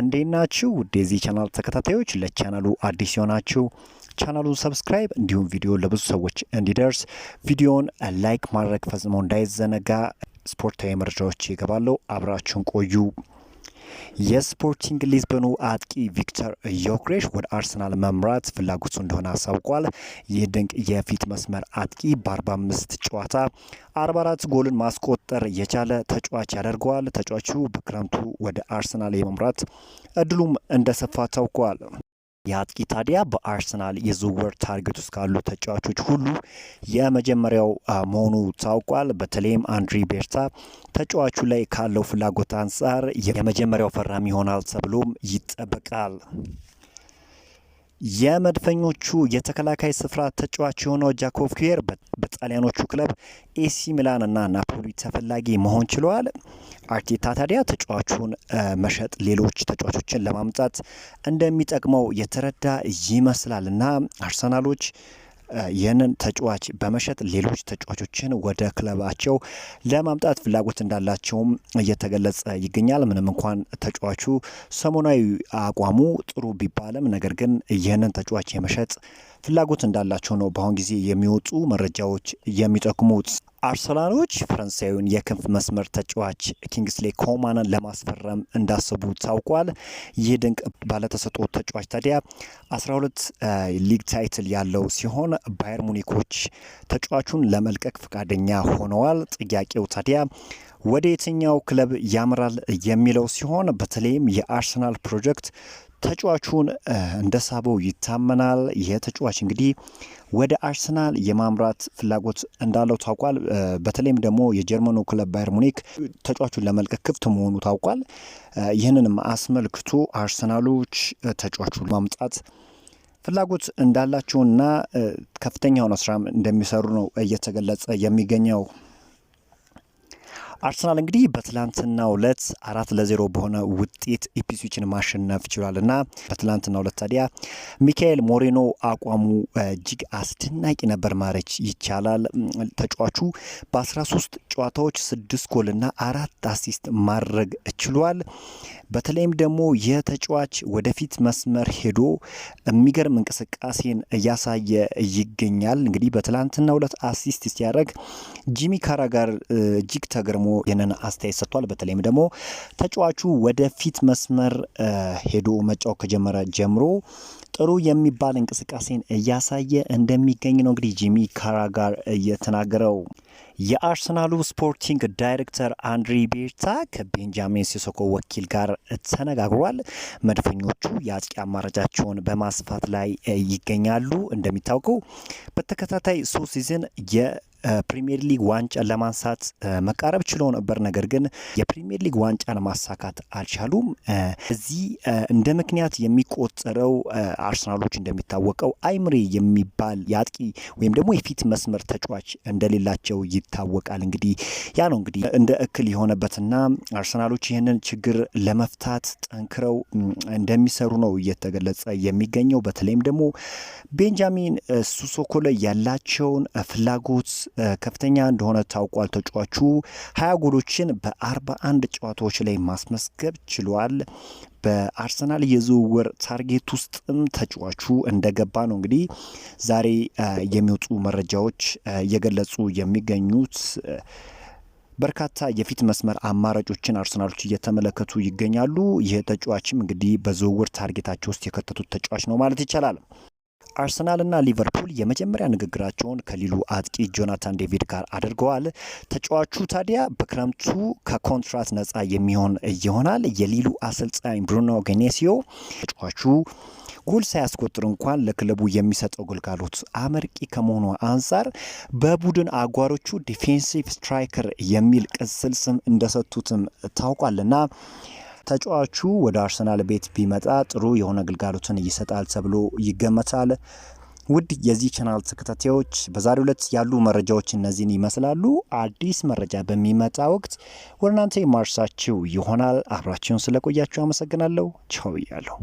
እንዴት ናችሁ? ውድ የዚህ ቻናል ተከታታዮች፣ ለቻናሉ አዲስ የሆናችሁ ቻናሉን ሰብስክራይብ እንዲሁም ቪዲዮ ለብዙ ሰዎች እንዲደርስ ቪዲዮን ላይክ ማድረግ ፈጽሞ እንዳይዘነጋ። ስፖርታዊ መረጃዎች ይገባለሁ። አብራችሁን ቆዩ። የስፖርቲንግ ሊዝበኑ አጥቂ ቪክተር ዮክሬሽ ወደ አርሰናል መምራት ፍላጎቱ እንደሆነ አሳውቋል። ይህ ድንቅ የፊት መስመር አጥቂ በ45 ጨዋታ 44 ጎልን ማስቆጠር የቻለ ተጫዋች ያደርገዋል። ተጫዋቹ በክረምቱ ወደ አርሰናል የመምራት እድሉም እንደሰፋ ታውቋል። የአጥቂ ታዲያ በአርሰናል የዝውውር ታርጌት ውስጥ ካሉ ተጫዋቾች ሁሉ የመጀመሪያው መሆኑ ታውቋል። በተለይም አንድሪ ቤርታ ተጫዋቹ ላይ ካለው ፍላጎት አንጻር የመጀመሪያው ፈራሚ ይሆናል ተብሎም ይጠበቃል። የመድፈኞቹ የተከላካይ ስፍራ ተጫዋች የሆነው ጃኮቭ ኪዌር በጣሊያኖቹ ክለብ ኤሲ ሚላን እና ናፖሊ ተፈላጊ መሆን ችለዋል። አርቴታ ታዲያ ተጫዋቹን መሸጥ ሌሎች ተጫዋቾችን ለማምጣት እንደሚጠቅመው የተረዳ ይመስላል እና አርሰናሎች ይህንን ተጫዋች በመሸጥ ሌሎች ተጫዋቾችን ወደ ክለባቸው ለማምጣት ፍላጎት እንዳላቸውም እየተገለጸ ይገኛል። ምንም እንኳን ተጫዋቹ ሰሞናዊ አቋሙ ጥሩ ቢባልም ነገር ግን ይህንን ተጫዋች የመሸጥ ፍላጎት እንዳላቸው ነው በአሁን ጊዜ የሚወጡ መረጃዎች የሚጠቁሙት። አርሰናሎች ፈረንሳዩን የክንፍ መስመር ተጫዋች ኪንግስሌ ኮማንን ለማስፈረም እንዳሰቡ ታውቋል። ይህ ድንቅ ባለተሰጥኦ ተጫዋች ታዲያ 12 ሊግ ታይትል ያለው ሲሆን ባየር ሙኒኮች ተጫዋቹን ለመልቀቅ ፈቃደኛ ሆነዋል። ጥያቄው ታዲያ ወደ የትኛው ክለብ ያምራል የሚለው ሲሆን በተለይም የአርሰናል ፕሮጀክት ተጫዋቹን እንደሳበው ይታመናል። ይሄ ተጫዋች እንግዲህ ወደ አርሰናል የማምራት ፍላጎት እንዳለው ታውቋል። በተለይም ደግሞ የጀርመኑ ክለብ ባየር ሙኒክ ተጫዋቹን ለመልቀቅ ክፍት መሆኑ ታውቋል። ይህንንም አስመልክቶ አርሰናሎች ተጫዋቹን ማምጣት ፍላጎት እንዳላቸውና ከፍተኛውን ስራም እንደሚሰሩ ነው እየተገለጸ የሚገኘው። አርሰናል እንግዲህ በትላንትና ሁለት አራት ለዜሮ በሆነ ውጤት ኢፕስዊችን ማሸነፍ ችሏልና በትላንትና ሁለት ታዲያ ሚካኤል ሞሬኖ አቋሙ እጅግ አስደናቂ ነበር ማረች ይቻላል። ተጫዋቹ በ13 ጨዋታዎች ስድስት ጎልና አራት አሲስት ማድረግ ችሏል። በተለይም ደግሞ የተጫዋች ወደፊት መስመር ሄዶ የሚገርም እንቅስቃሴን እያሳየ ይገኛል። እንግዲህ በትላንትና ሁለት አሲስት ሲያደርግ ጂሚ ካራ ጋር እጅግ ተገርሞ ደግሞ ይህንን አስተያየት ሰጥቷል። በተለይም ደግሞ ተጫዋቹ ወደፊት መስመር ሄዶ መጫወት ከጀመረ ጀምሮ ጥሩ የሚባል እንቅስቃሴን እያሳየ እንደሚገኝ ነው እንግዲህ ጂሚ ካራጋር እየተናገረው። የአርሰናሉ ስፖርቲንግ ዳይሬክተር አንድሪ ቤርታ ከቤንጃሚን ሲሶኮ ወኪል ጋር ተነጋግሯል። መድፈኞቹ የአጥቂ አማራጫቸውን በማስፋት ላይ ይገኛሉ። እንደሚታወቀው በተከታታይ ሶስት ሲዝን ፕሪሚየር ሊግ ዋንጫን ለማንሳት መቃረብ ችሎ ነበር። ነገር ግን የፕሪሚየር ሊግ ዋንጫን ማሳካት አልቻሉም። እዚህ እንደ ምክንያት የሚቆጠረው አርሰናሎች እንደሚታወቀው አይምሪ የሚባል የአጥቂ ወይም ደግሞ የፊት መስመር ተጫዋች እንደሌላቸው ይታወቃል። እንግዲህ ያ ነው እንግዲህ እንደ እክል የሆነበትና አርሰናሎች ይህንን ችግር ለመፍታት ጠንክረው እንደሚሰሩ ነው እየተገለጸ የሚገኘው በተለይም ደግሞ ቤንጃሚን ሱሶኮ ላይ ያላቸውን ፍላጎት ከፍተኛ እንደሆነ ታውቋል። ተጫዋቹ ሀያ ጎሎችን በአርባ አንድ ጨዋታዎች ላይ ማስመስገብ ችሏል። በአርሰናል የዝውውር ታርጌት ውስጥም ተጫዋቹ እንደገባ ነው እንግዲህ ዛሬ የሚወጡ መረጃዎች እየገለጹ የሚገኙት በርካታ የፊት መስመር አማራጮችን አርሰናሎች እየተመለከቱ ይገኛሉ። ይህ ተጫዋችም እንግዲህ በዝውውር ታርጌታቸው ውስጥ የከተቱት ተጫዋች ነው ማለት ይቻላል። አርሰናልና ሊቨርፑል የመጀመሪያ ንግግራቸውን ከሊሉ አጥቂ ጆናታን ዴቪድ ጋር አድርገዋል። ተጫዋቹ ታዲያ በክረምቱ ከኮንትራት ነጻ የሚሆን ይሆናል። የሊሉ አሰልጣኝ ብሩኖ ጌኔሲዮ ተጫዋቹ ጎል ሳያስቆጥር እንኳን ለክለቡ የሚሰጠው ግልጋሎት አመርቂ ከመሆኑ አንጻር በቡድን አጓሮቹ ዲፌንሲቭ ስትራይከር የሚል ቅጽል ስም እንደሰጡትም ታውቋልና ተጫዋቹ ወደ አርሰናል ቤት ቢመጣ ጥሩ የሆነ ግልጋሎትን ይሰጣል ተብሎ ይገመታል። ውድ የዚህ ቻናል ተከታታዮች በዛሬው ዕለት ያሉ መረጃዎች እነዚህን ይመስላሉ። አዲስ መረጃ በሚመጣ ወቅት ወደ እናንተ የማርሳችሁ ይሆናል። አብራችሁን ስለቆያችሁ አመሰግናለሁ። ቻው እያለሁ